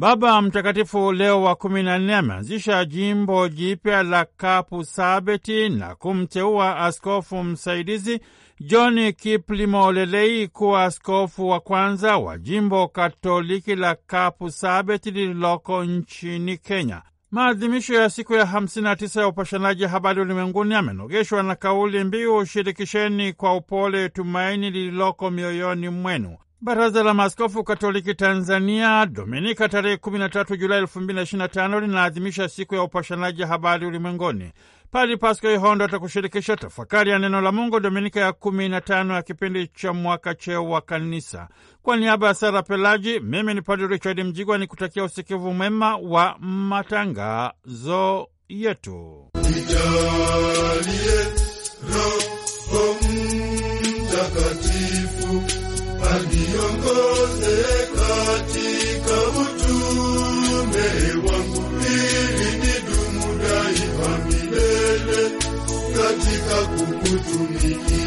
Baba Mtakatifu Leo wa kumi na nne ameanzisha jimbo jipya la kapu sabeti na kumteua askofu msaidizi John Kiplimo Lelei kuwa askofu wa kwanza wa jimbo Katoliki la kapu Sabeti lililoko nchini Kenya. Maadhimisho ya siku ya 59 ya upashanaji habari ulimwenguni amenogeshwa na kauli mbiu, shirikisheni kwa upole tumaini lililoko mioyoni mwenu. Baraza la Maaskofu Katoliki Tanzania Dominika tarehe 13 Julai 2025 linaadhimisha siku ya upashanaji habari ulimwenguni. Padi Pasko Ihondo atakushirikisha tafakari ya neno la Mungu Dominika ya 15 ya kipindi cha mwaka cheo wa Kanisa. Kwa niaba ya Sara Pelaji, mimi ni Padre Richard Mjigwa ni kutakia usikivu mwema wa matangazo yetu. niongoze katika utume wangu, ili nidumu daima milele katika kukutumikia.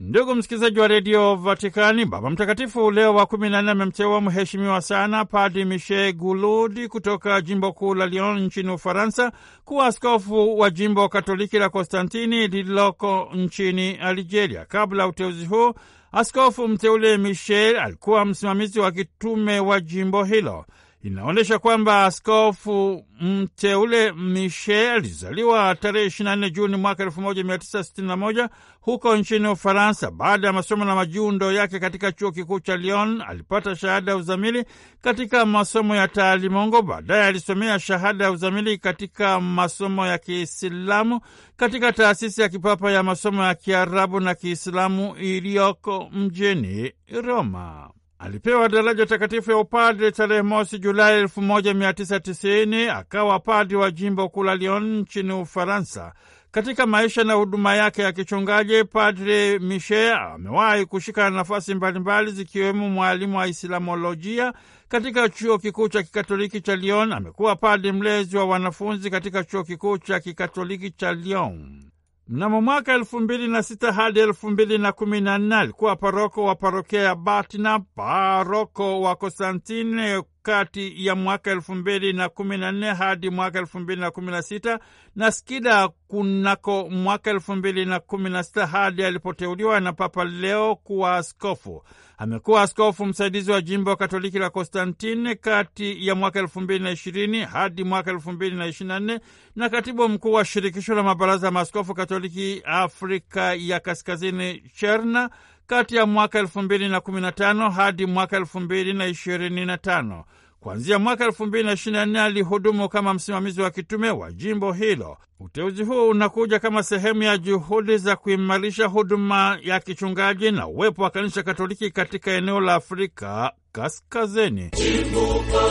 Ndugu msikilizaji wa redio Vatikani, Baba Mtakatifu Leo wa 1 na amemteua mheshimiwa sana Padi Michel Guludi kutoka jimbo kuu la Lyon nchini Ufaransa kuwa askofu wa jimbo Katoliki la Konstantini lililoko nchini Algeria. Kabla ya uteuzi huu Askofu mteule Michel alikuwa msimamizi wa kitume wa jimbo hilo inaonyesha kwamba askofu mteule Mishe alizaliwa tarehe 24 Juni mwaka 1961 huko nchini Ufaransa. Baada ya masomo na majundo yake katika chuo kikuu cha Lyon, alipata shahada ya uzamili katika masomo ya taalimongo. Baadaye alisomea shahada ya uzamili katika masomo ya Kiislamu katika taasisi ya kipapa ya masomo ya Kiarabu na Kiislamu iliyoko mjini Roma. Alipewa daraja takatifu ya upadri tarehe mosi Julai 1990 akawa padri wa jimbo kuu la Lyon nchini Ufaransa. Katika maisha na huduma yake ya kichungaji, Padre Mishe amewahi kushika nafasi mbalimbali zikiwemo mwalimu wa Islamolojia katika chuo kikuu cha kikatoliki cha Lyon. Amekuwa padri mlezi wa wanafunzi katika chuo kikuu cha kikatoliki cha Lyon. Mnamo mwaka elfu mbili na sita hadi elfu mbili na kumi na nne alikuwa paroko wa parokia ya Batina, paroko wa Konstantine kati ya mwaka elfu mbili na kumi na nne hadi mwaka elfu mbili na kumi na sita na Skida kunako mwaka elfu mbili na kumi na sita hadi alipoteuliwa na Papa Leo kuwa askofu. Amekuwa askofu msaidizi wa jimbo Katoliki la Konstantini kati ya mwaka elfu mbili na ishirini hadi mwaka elfu mbili na ishirini na nne na katibu mkuu wa shirikisho la mabaraza ya maaskofu Katoliki Afrika ya Kaskazini CHERNA kati ya mwaka 2015 hadi mwaka 2025. Kuanzia mwaka 224 alihudumu kama msimamizi wa kitume wa jimbo hilo. Uteuzi huu unakuja kama sehemu ya juhudi za kuimarisha huduma ya kichungaji na uwepo wa kanisa Katoliki katika eneo la Afrika Kaskazini. Chimbuka,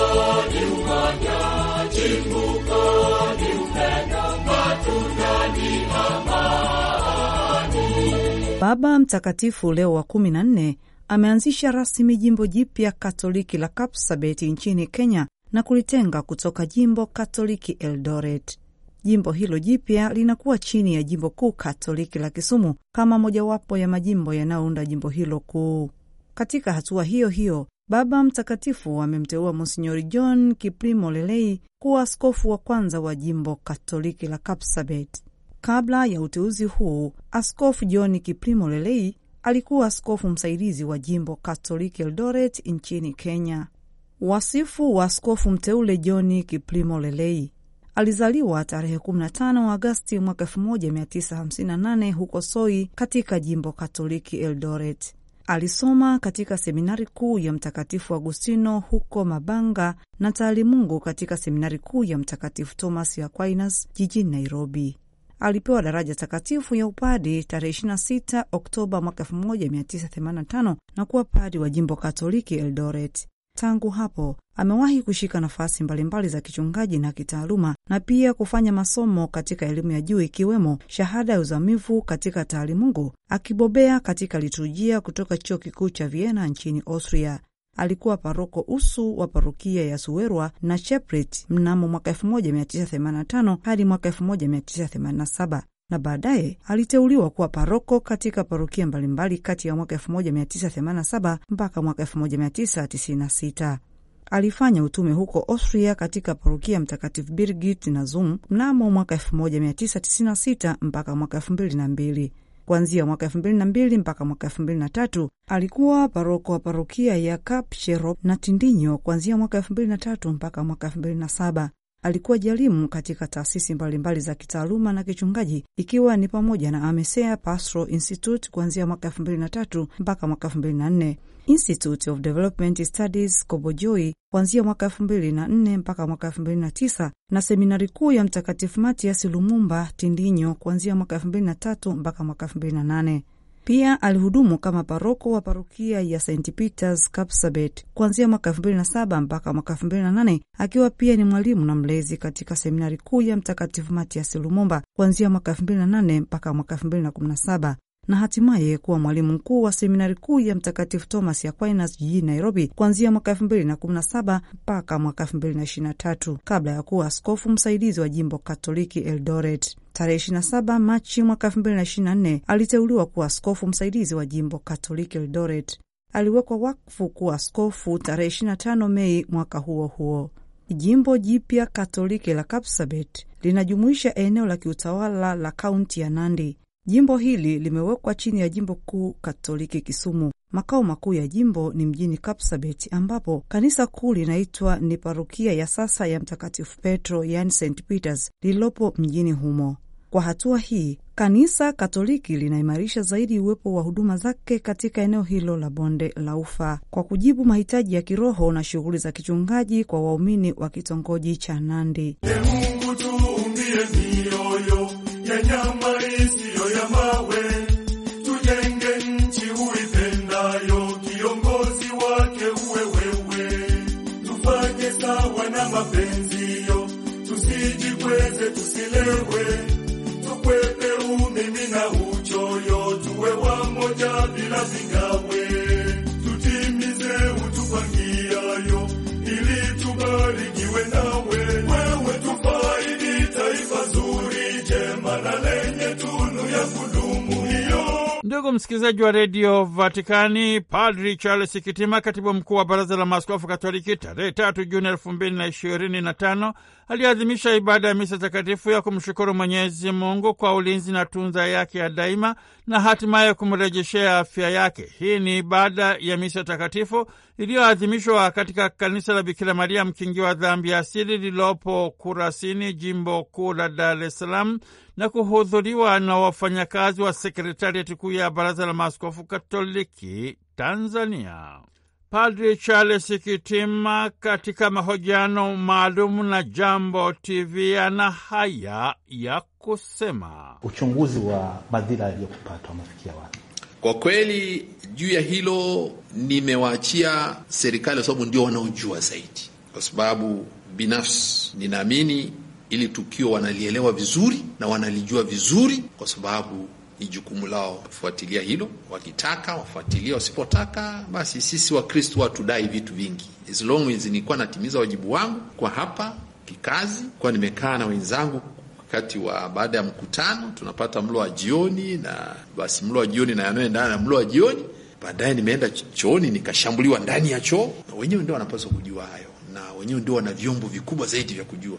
Baba Mtakatifu Leo wa 14 ameanzisha rasmi jimbo jipya Katoliki la Kapsabeti nchini Kenya na kulitenga kutoka jimbo Katoliki Eldoret. Jimbo hilo jipya linakuwa chini ya jimbo kuu Katoliki la Kisumu kama mojawapo ya majimbo yanayounda jimbo hilo kuu. Katika hatua hiyo hiyo, Baba Mtakatifu amemteua Monsinyori John Kiprimo Lelei kuwa askofu wa kwanza wa jimbo Katoliki la Kapsabet. Kabla ya uteuzi huu, Askofu John Kiprimo Lelei alikuwa askofu msaidizi wa jimbo Katoliki Eldoret nchini Kenya. Wasifu wa askofu mteule John Kiprimo Lelei. Alizaliwa tarehe 15 Agasti mwaka 1958 huko Soi katika jimbo Katoliki Eldoret. Alisoma katika seminari kuu ya Mtakatifu Agustino huko Mabanga na taalimungu katika seminari kuu ya Mtakatifu Thomas yaquinas Aquinas jijini Nairobi alipewa daraja takatifu ya upadi tarehe 26 Oktoba mwaka 1985 na kuwa padi wa jimbo Katoliki Eldoret. Tangu hapo amewahi kushika nafasi mbalimbali za kichungaji na kitaaluma na pia kufanya masomo katika elimu ya juu ikiwemo shahada ya uzamivu katika taalimungu, akibobea katika liturujia kutoka chuo kikuu cha Vienna nchini Austria alikuwa paroko usu wa parokia ya Suwerwa na Chepret mnamo mwaka 1985 hadi mwaka 1987 na baadaye aliteuliwa kuwa paroko katika parokia mbalimbali kati ya mwaka 1987 mpaka mwaka 1996. Alifanya utume huko Austria katika parokia Mtakatifu Birgit na Zum mnamo mwaka 1996 mpaka mwaka 2002. Kuanzia mwaka elfu mbili na mbili mpaka mwaka elfu mbili na tatu alikuwa paroko wa parokia ya Kapshero na Tindinyo. Kuanzia mwaka elfu mbili na tatu mpaka mwaka elfu mbili na saba alikuwa jalimu katika taasisi mbalimbali za kitaaluma na kichungaji ikiwa ni pamoja na AMESEA Pastoral Institute kuanzia mwaka elfu mbili na tatu mpaka mwaka elfu mbili na nne Institute of Development Studies Kobojoi kuanzia mwaka elfu mbili na nne mpaka mwaka elfu mbili na tisa na seminari kuu ya Mtakatifu Matias Lumumba Tindinyo kuanzia mwaka elfu mbili na tatu mpaka mwaka elfu mbili na nane. Pia alihudumu kama paroko wa parokia ya St Peters Kapsabet kuanzia mwaka elfu mbili na saba mpaka mwaka elfu mbili na nane akiwa pia ni mwalimu na mlezi katika seminari kuu ya Mtakatifu Matias Lumumba kuanzia mwaka elfu mbili na nane mpaka mwaka elfu mbili na kumi na saba na hatimaye kuwa mwalimu mkuu wa seminari kuu ya Mtakatifu Thomas Aquinas jijini Nairobi kuanzia mwaka elfu mbili na kumi na saba mpaka mwaka elfu mbili na na tatu kabla ya kuwa askofu msaidizi wa jimbo Katoliki Eldoret. Tarehe 27 Machi mwaka 2024 aliteuliwa kuwa askofu msaidizi wa jimbo Katoliki Eldoret. Aliwekwa wakfu kuwa askofu tarehe 25 Mei mwaka huo huo. Jimbo jipya Katoliki la Kapsabet linajumuisha eneo la kiutawala la kaunti ya Nandi. Jimbo hili limewekwa chini ya jimbo kuu Katoliki Kisumu. Makao makuu ya jimbo ni mjini Kapsabet, ambapo kanisa kuu linaitwa ni parokia ya sasa ya Mtakatifu Petro, yani St Peters, lililopo mjini humo. Kwa hatua hii kanisa Katoliki linaimarisha zaidi uwepo wa huduma zake katika eneo hilo la bonde la Ufa kwa kujibu mahitaji ya kiroho na shughuli za kichungaji kwa waumini wa kitongoji cha Nandi. E Ndugu msikilizaji wa redio Vatikani, Padri Charles Kitima, katibu mkuu wa baraza la maaskofu Katoliki, tarehe tatu Juni elfu mbili na ishirini na tano aliadhimisha ibada ya misa takatifu ya kumshukuru Mwenyezi Mungu kwa ulinzi na tunza yake ya daima na hatimaye kumrejeshea afya yake. Hii ni ibada ya misa takatifu iliyoadhimishwa katika kanisa la Bikira Maria mkingi wa dhambi asili lililopo Kurasini, jimbo kuu la Dar es Salaam na kuhudhuriwa na wafanyakazi wa sekretarieti kuu ya Baraza la Maaskofu Katoliki Tanzania. Padri Charles Kitima katika mahojiano maalum na Jambo TV ana haya ya kusema. Uchunguzi wa madhila yaliyokupata umefikia wapi? Kwa kweli juu ya hilo nimewaachia serikali, kwa sababu ndio wanaojua zaidi, kwa sababu binafsi ninaamini ili tukio wanalielewa vizuri na wanalijua vizuri, kwa sababu ni jukumu lao kufuatilia hilo. Wakitaka wafuatilia, wasipotaka basi. Sisi Wakristo hatudai vitu vingi, as long as nilikuwa natimiza wajibu wangu kwa hapa kikazi, kuwa nimekaa na wenzangu wakati wa baada ya mkutano tunapata mlo wa jioni, na basi mlo wa jioni na yanayoendana na mlo wa jioni. Baadaye nimeenda chooni nikashambuliwa ndani ya choo. Wenyewe ndio wanapaswa kujua hayo, na wenyewe ndio wana vyombo vikubwa zaidi vya kujua.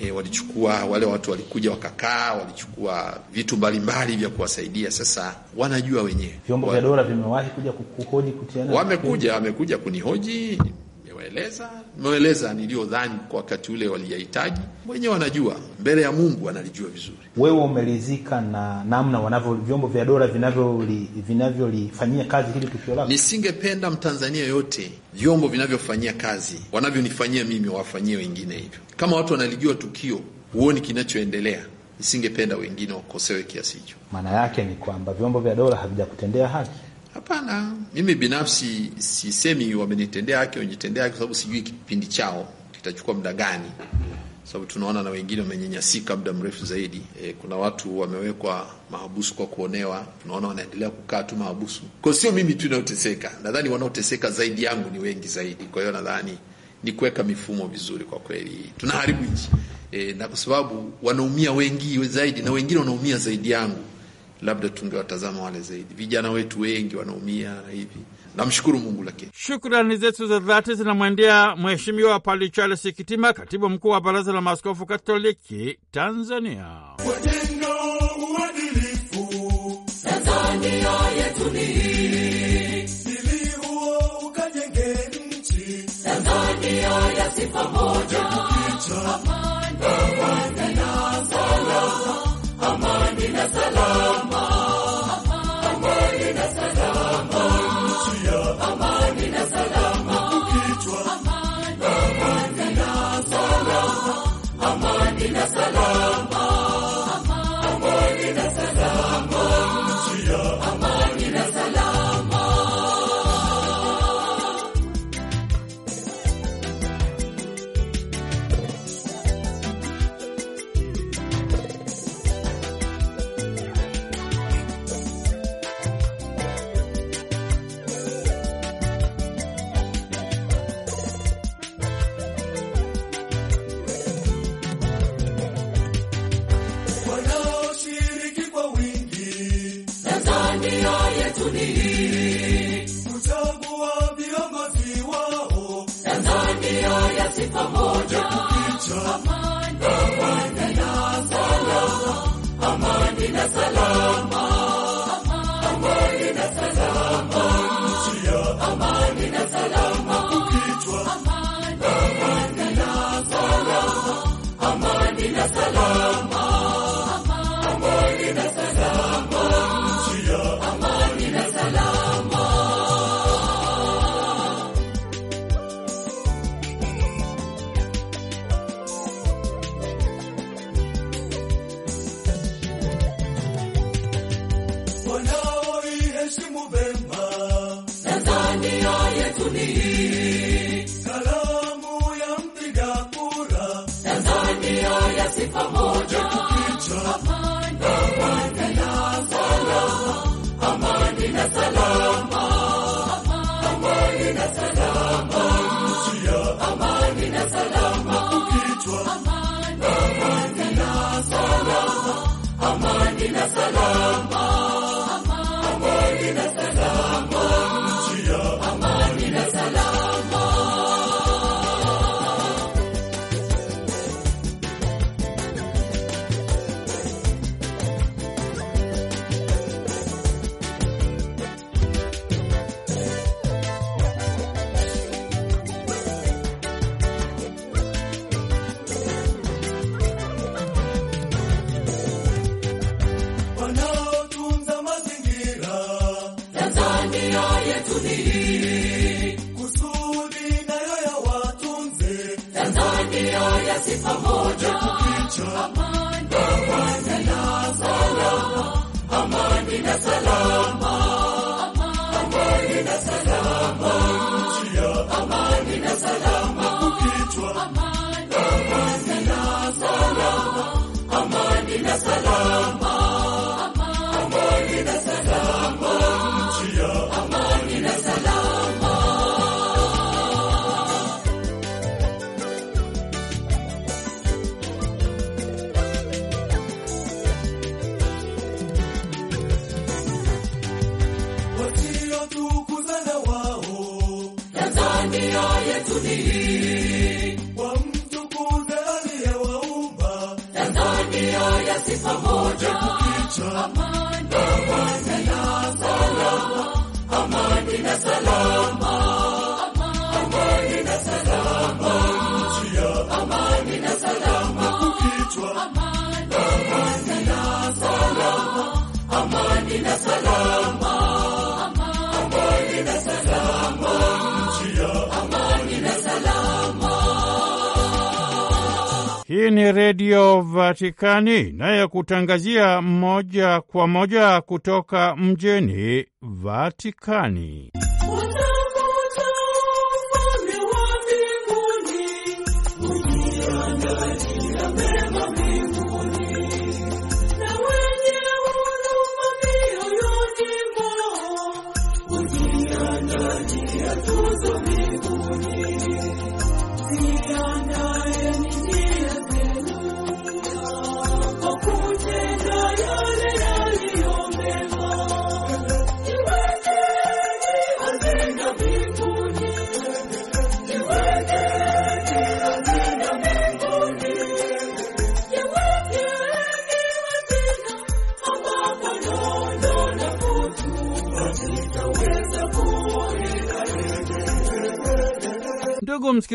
E, walichukua wale watu walikuja wakakaa, walichukua vitu mbalimbali vya kuwasaidia. Sasa wanajua wenyewe vyombo vya dola vimewahi kuja kukuhoji, kutiana wamekuja wamekuja kunihoji nimewaeleza, nimewaeleza niliyodhani kwa wakati ule waliyahitaji. Wenyewe wanajua, mbele ya Mungu analijua vizuri. Wewe umelizika na namna wanavyo vyombo vya dola vinavyolifanyia kazi hili tukio lako. Nisingependa mtanzania yote vyombo vinavyofanyia kazi wanavyonifanyia mimi wawafanyie wengine hivyo. Kama watu wanalijua tukio, huoni kinachoendelea Nisingependa wengine wakosewe kiasi hicho. Maana yake ni kwamba vyombo vya dola havijakutendea haki. Hapana, mimi binafsi sisemi wamenitendea haki, wanitendea haki, kwa sababu sijui kipindi chao kitachukua muda gani, sababu tunaona na wengine wamenyanyasika muda mrefu zaidi. E, kuna watu wamewekwa mahabusu kwa kuonewa, tunaona wanaendelea kukaa tu mahabusu. Kwa sio mimi tu naoteseka, nadhani wanaoteseka zaidi yangu ni wengi zaidi. Kwa hiyo nadhani ni kuweka mifumo vizuri, kwa kweli tunaharibu nchi e, na kwa sababu wanaumia wengi zaidi, na wengine wanaumia zaidi yangu labda tungewatazama wale zaidi. Vijana wetu wengi wanaumia hivi. Namshukuru Mungu, lakini shukrani zetu za dhati zinamwendea Mheshimiwa Padre Charles Kitima, katibu mkuu wa Baraza la Maaskofu Katoliki Tanzania. Tanzania ya sifa moja Madina salama Hasta la Amani na salama some more. ni Redio Vatikani inayokutangazia moja kwa moja kutoka mjini Vatikani.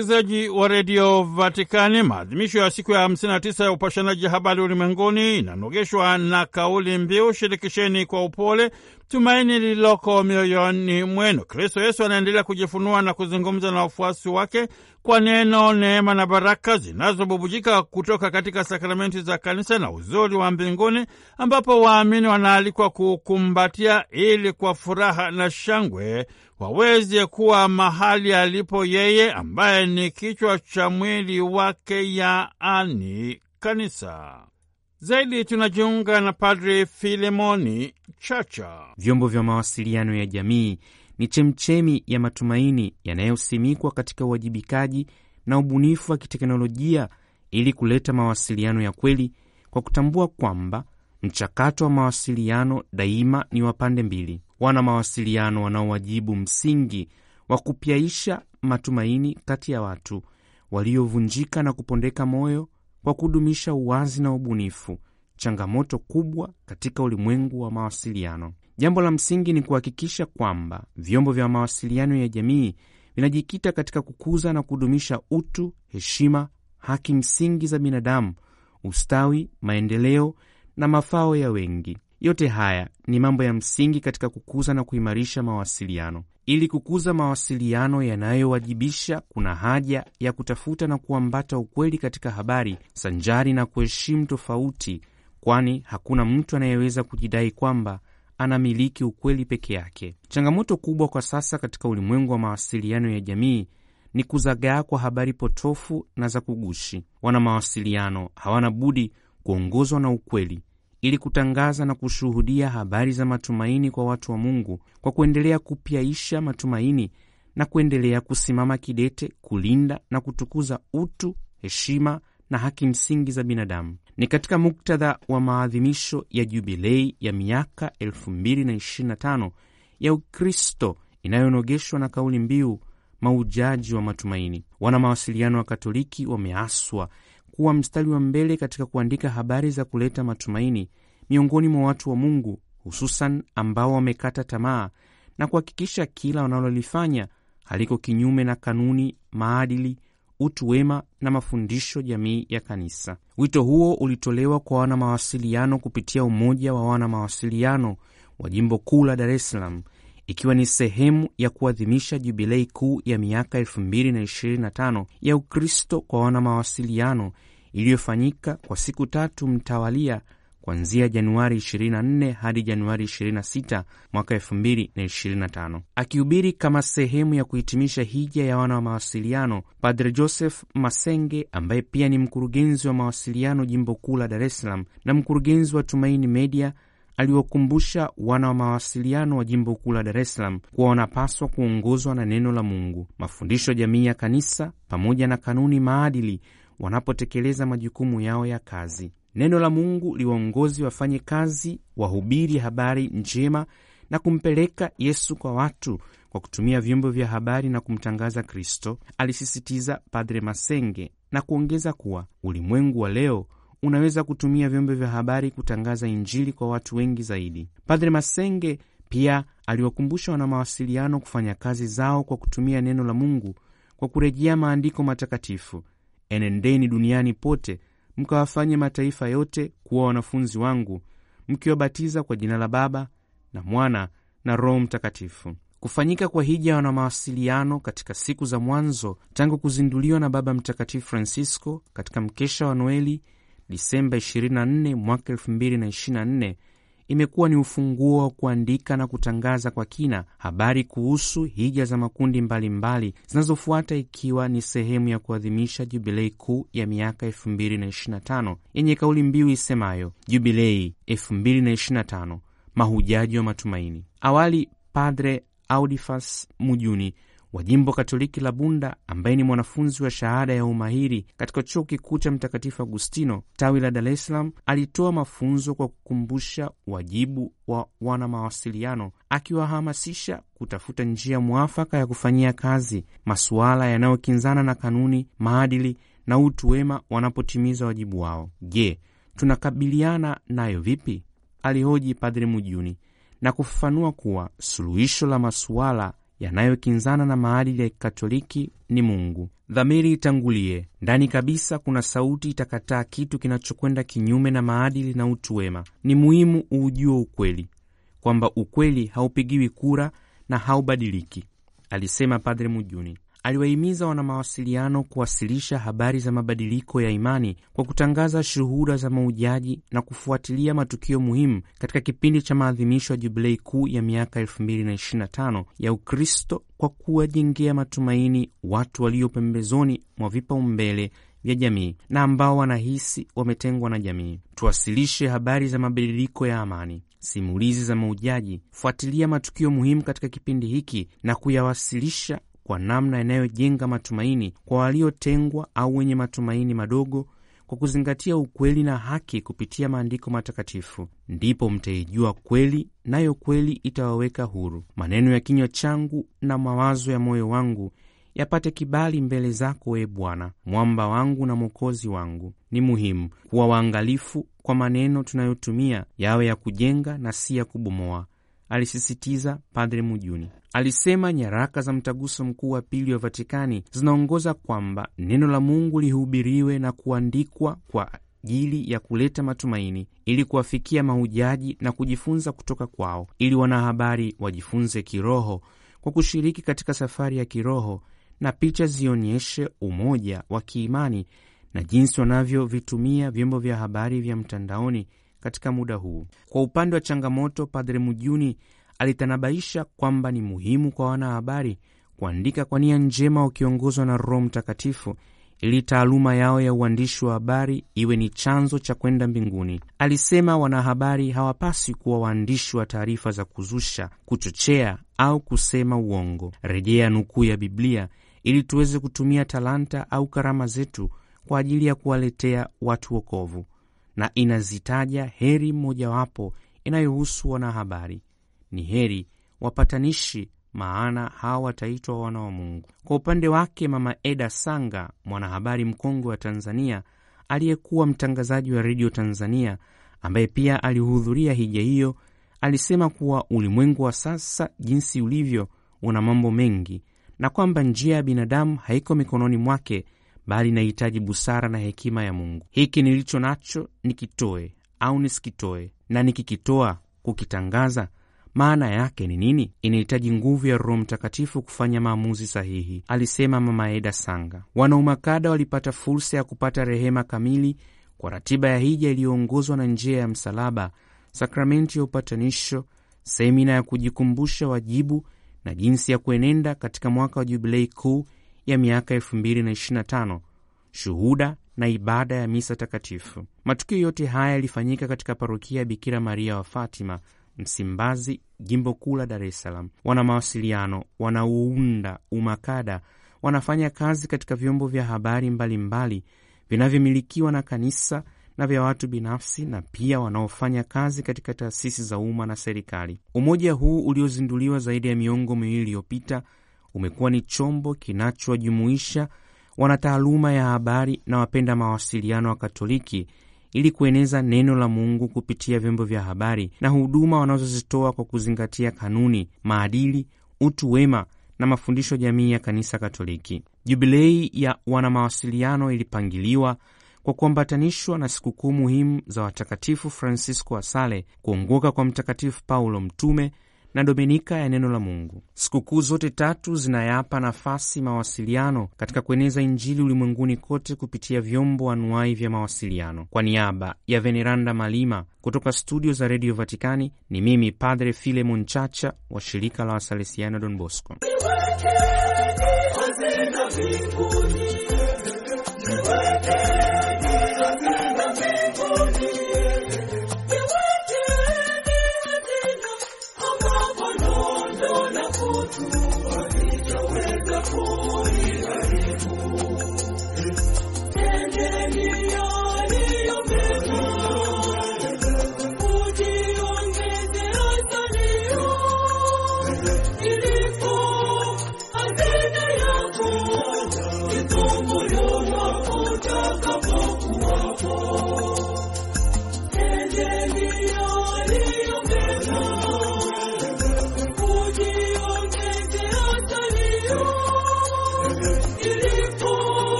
msikilizaji wa redio Vatikani, maadhimisho ya siku ya 59 ya upashanaji habari ulimwenguni inanogeshwa na kauli mbiu shirikisheni kwa upole tumaini lililoko mioyoni mwenu. Kristo Yesu anaendelea kujifunua na kuzungumza na wafuasi wake kwa neno, neema na baraka zinazobubujika kutoka katika sakramenti za kanisa na uzuri wa mbinguni, ambapo waamini wanaalikwa kuukumbatia ili kwa furaha na shangwe waweze kuwa mahali alipo yeye ambaye ni kichwa cha mwili wake, yaani kanisa. Zaidi tunajiunga na Padri Filemoni Chacha. Vyombo vya mawasiliano ya jamii ni chemchemi ya matumaini yanayosimikwa katika uwajibikaji na ubunifu wa kiteknolojia ili kuleta mawasiliano ya kweli kwa kutambua kwamba mchakato wa mawasiliano daima ni wa pande mbili. Wana mawasiliano wanaowajibu msingi wa kupyaisha matumaini kati ya watu waliovunjika na kupondeka moyo kwa kudumisha uwazi na ubunifu, changamoto kubwa katika ulimwengu wa mawasiliano. Jambo la msingi ni kuhakikisha kwamba vyombo vya mawasiliano ya jamii vinajikita katika kukuza na kudumisha utu, heshima, haki msingi za binadamu, ustawi, maendeleo na mafao ya wengi. Yote haya ni mambo ya msingi katika kukuza na kuimarisha mawasiliano. Ili kukuza mawasiliano yanayowajibisha, kuna haja ya kutafuta na kuambata ukweli katika habari, sanjari na kuheshimu tofauti, kwani hakuna mtu anayeweza kujidai kwamba anamiliki ukweli peke yake. Changamoto kubwa kwa sasa katika ulimwengu wa mawasiliano ya jamii ni kuzagaa kwa habari potofu na za kugushi. Wana mawasiliano hawana budi kuongozwa na ukweli ili kutangaza na kushuhudia habari za matumaini kwa watu wa Mungu kwa kuendelea kupyaisha matumaini na kuendelea kusimama kidete kulinda na kutukuza utu, heshima na haki msingi za binadamu. Ni katika muktadha wa maadhimisho ya jubilei ya miaka 2025 ya Ukristo inayonogeshwa na kauli mbiu maujaji wa matumaini. Wana mawasiliano wa Katoliki wameaswa kuwa mstari wa mbele katika kuandika habari za kuleta matumaini miongoni mwa watu wa Mungu, hususan ambao wamekata tamaa na kuhakikisha kila wanalolifanya haliko kinyume na kanuni, maadili, utu wema na mafundisho jamii ya Kanisa. Wito huo ulitolewa kwa wanamawasiliano kupitia Umoja wa Wanamawasiliano wa Jimbo Kuu la Dar es Salaam ikiwa ni sehemu ya kuadhimisha jubilei kuu ya miaka 2025 ya Ukristo kwa wana mawasiliano iliyofanyika kwa siku tatu mtawalia kuanzia Januari 24 hadi Januari 26 mwaka 2025. Akihubiri kama sehemu ya kuhitimisha hija ya wana wa mawasiliano, Padre Joseph Masenge ambaye pia ni mkurugenzi wa mawasiliano jimbo kuu la Dar es Salaam na mkurugenzi wa Tumaini Media aliwakumbusha wana wa mawasiliano wa jimbo kuu la Dar es Salaam kuwa wanapaswa kuongozwa na neno la Mungu, mafundisho ya jamii ya kanisa, pamoja na kanuni maadili wanapotekeleza majukumu yao ya kazi. Neno la Mungu liwaongozi wafanye kazi, wahubiri habari njema na kumpeleka Yesu kwa watu kwa kutumia vyombo vya habari na kumtangaza Kristo, alisisitiza Padre Masenge na kuongeza kuwa ulimwengu wa leo unaweza kutumia vyombo vya habari kutangaza Injili kwa watu wengi zaidi. Padre Masenge pia aliwakumbusha wana mawasiliano kufanya kazi zao kwa kutumia neno la Mungu kwa kurejea maandiko matakatifu: enendeni duniani pote mkawafanye mataifa yote kuwa wanafunzi wangu, mkiwabatiza kwa jina la Baba na Mwana na Roho Mtakatifu. Kufanyika kwa hija wana mawasiliano katika siku za mwanzo tangu kuzinduliwa na Baba Mtakatifu Francisco katika mkesha wa Noeli Disemba 24 mwaka 2024 imekuwa ni ufunguo wa kuandika na kutangaza kwa kina habari kuhusu hija za makundi mbalimbali zinazofuata ikiwa ni sehemu ya kuadhimisha jubilei kuu ya miaka 2025 yenye kauli mbiu isemayo Jubilei 2025 mahujaji wa matumaini. Awali Padre Audifas Mujuni wa jimbo Katoliki la Bunda, ambaye ni mwanafunzi wa shahada ya umahiri katika chuo kikuu cha Mtakatifu Agustino tawi la Dar es Salaam, alitoa mafunzo kwa kukumbusha wajibu wa wanamawasiliano, akiwahamasisha kutafuta njia mwafaka ya kufanyia kazi masuala yanayokinzana na kanuni, maadili na utu wema wanapotimiza wajibu wao. Je, tunakabiliana nayo vipi? alihoji Padre Mujuni na kufafanua kuwa suluhisho la masuala yanayokinzana na maadili ya Kikatoliki ni Mungu. Dhamiri itangulie ndani kabisa. Kuna sauti itakataa kitu kinachokwenda kinyume na maadili na utu wema. Ni muhimu uujue ukweli kwamba ukweli haupigiwi kura na haubadiliki, alisema Padre Mujuni aliwahimiza wanamawasiliano kuwasilisha habari za mabadiliko ya imani kwa kutangaza shuhuda za maujaji na kufuatilia matukio muhimu katika kipindi cha maadhimisho ya jubilei kuu ya miaka 2025 ya Ukristo kwa kuwajengea matumaini watu walio pembezoni mwa vipaumbele vya jamii na ambao wanahisi wametengwa na jamii. Tuwasilishe habari za mabadiliko ya amani, simulizi za maujaji, fuatilia matukio muhimu katika kipindi hiki na kuyawasilisha kwa namna inayojenga matumaini kwa waliotengwa au wenye matumaini madogo, kwa kuzingatia ukweli na haki kupitia maandiko matakatifu. Ndipo mtaijua kweli, nayo kweli itawaweka huru. Maneno ya kinywa changu na mawazo ya moyo wangu yapate kibali mbele zako, E Bwana, mwamba wangu na mwokozi wangu. Ni muhimu kuwa waangalifu kwa maneno tunayotumia, yawe ya kujenga na si ya kubomoa alisisitiza Padre Mujuni. Alisema nyaraka za Mtaguso Mkuu wa Pili wa Vatikani zinaongoza kwamba neno la Mungu lihubiriwe na kuandikwa kwa ajili ya kuleta matumaini ili kuwafikia mahujaji na kujifunza kutoka kwao, ili wanahabari wajifunze kiroho kwa kushiriki katika safari ya kiroho, na picha zionyeshe umoja wa kiimani na jinsi wanavyovitumia vyombo vya habari vya mtandaoni katika muda huu. Kwa upande wa changamoto, Padre Mujuni alitanabaisha kwamba ni muhimu kwa wanahabari kuandika kwa nia njema wakiongozwa na Roho Mtakatifu ili taaluma yao ya uandishi wa habari iwe ni chanzo cha kwenda mbinguni. Alisema wanahabari hawapaswi kuwa waandishi wa taarifa za kuzusha, kuchochea au kusema uongo, rejea nukuu ya Biblia, ili tuweze kutumia talanta au karama zetu kwa ajili ya kuwaletea watu wokovu na inazitaja heri mmojawapo inayohusu wanahabari ni heri wapatanishi, maana hawa wataitwa wana wa Mungu. Kwa upande wake, Mama Eda Sanga, mwanahabari mkongwe wa Tanzania aliyekuwa mtangazaji wa redio Tanzania, ambaye pia alihudhuria hija hiyo, alisema kuwa ulimwengu wa sasa jinsi ulivyo una mambo mengi na kwamba njia ya binadamu haiko mikononi mwake, bali inahitaji busara na hekima ya Mungu. Hiki nilicho nacho nikitoe au nisikitoe, na nikikitoa kukitangaza, maana yake ni nini? Inahitaji nguvu ya Roho Mtakatifu kufanya maamuzi sahihi, alisema Mama Eda Sanga. Wanaumakada walipata fursa ya kupata rehema kamili kwa ratiba ya hija iliyoongozwa na njia ya msalaba, sakramenti ya upatanisho, semina ya kujikumbusha wajibu na jinsi ya kuenenda katika mwaka wa jubilei kuu ya miaka 2025 shuhuda na ibada ya misa takatifu. Matukio yote haya yalifanyika katika parokia ya Bikira Maria wa Fatima, Msimbazi, jimbo kuu la Dar es Salaam. Wana mawasiliano, wanauunda umakada, wanafanya kazi katika vyombo vya habari mbalimbali vinavyomilikiwa na kanisa na vya watu binafsi na pia wanaofanya kazi katika taasisi za umma na serikali. Umoja huu uliozinduliwa zaidi ya miongo miwili iliyopita umekuwa ni chombo kinachojumuisha wanataaluma ya habari na wapenda mawasiliano wa Katoliki ili kueneza neno la Mungu kupitia vyombo vya habari na huduma wanazozitoa kwa kuzingatia kanuni, maadili, utu wema na mafundisho jamii ya Kanisa Katoliki. Jubilei ya wanamawasiliano ilipangiliwa kwa kuambatanishwa na sikukuu muhimu za watakatifu Francisco wa Sale, kuongoka kwa Mtakatifu Paulo Mtume na Dominika ya Neno la Mungu. Sikukuu zote tatu zinayapa nafasi mawasiliano katika kueneza Injili ulimwenguni kote kupitia vyombo anuai vya mawasiliano. Kwa niaba ya Veneranda Malima kutoka studio za Redio Vatikani, ni mimi Padre Filemon Chacha wa shirika la Wasalesiano Don Bosco.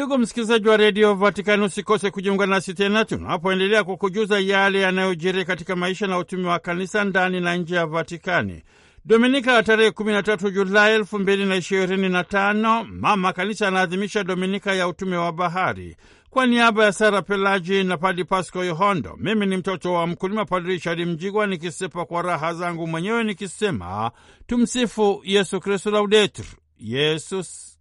Ndugu msikilizaji wa redio Vatikani, usikose kujiunga nasi tena tunapoendelea kukujuza yale yanayojiri katika maisha na utumi wa kanisa ndani na nje ya Vatikani. Dominika ya tarehe 13 Julai 2025, Mama Kanisa anaadhimisha Dominika ya utume wa bahari. Kwa niaba ya Sara Pelaji na Padi Pasco Yohondo, mimi ni mtoto wa mkulima Padri Richard Mjigwa, nikisepa kwa raha zangu mwenyewe nikisema tumsifu Yesu Kristu, laudetur Yesus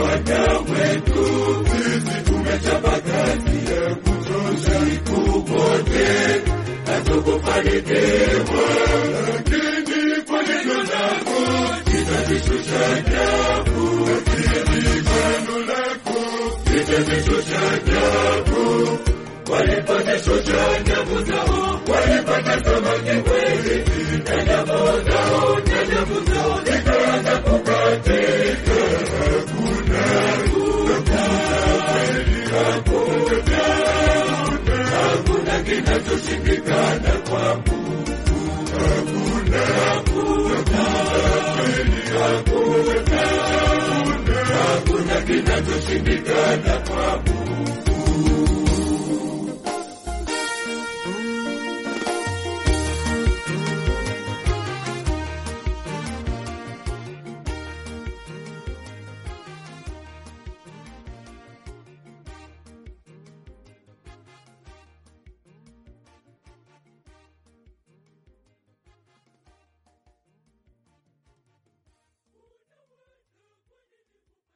Wana wetu sisi tumechapa kazi ya kutosha siku wote, hatukufanikishwa, lakini kwa neno lako litazishusha nyavu, lakini neno lako litazishusha nyavu. Walipata shusha nyavu zao, walipata kushindikana kwa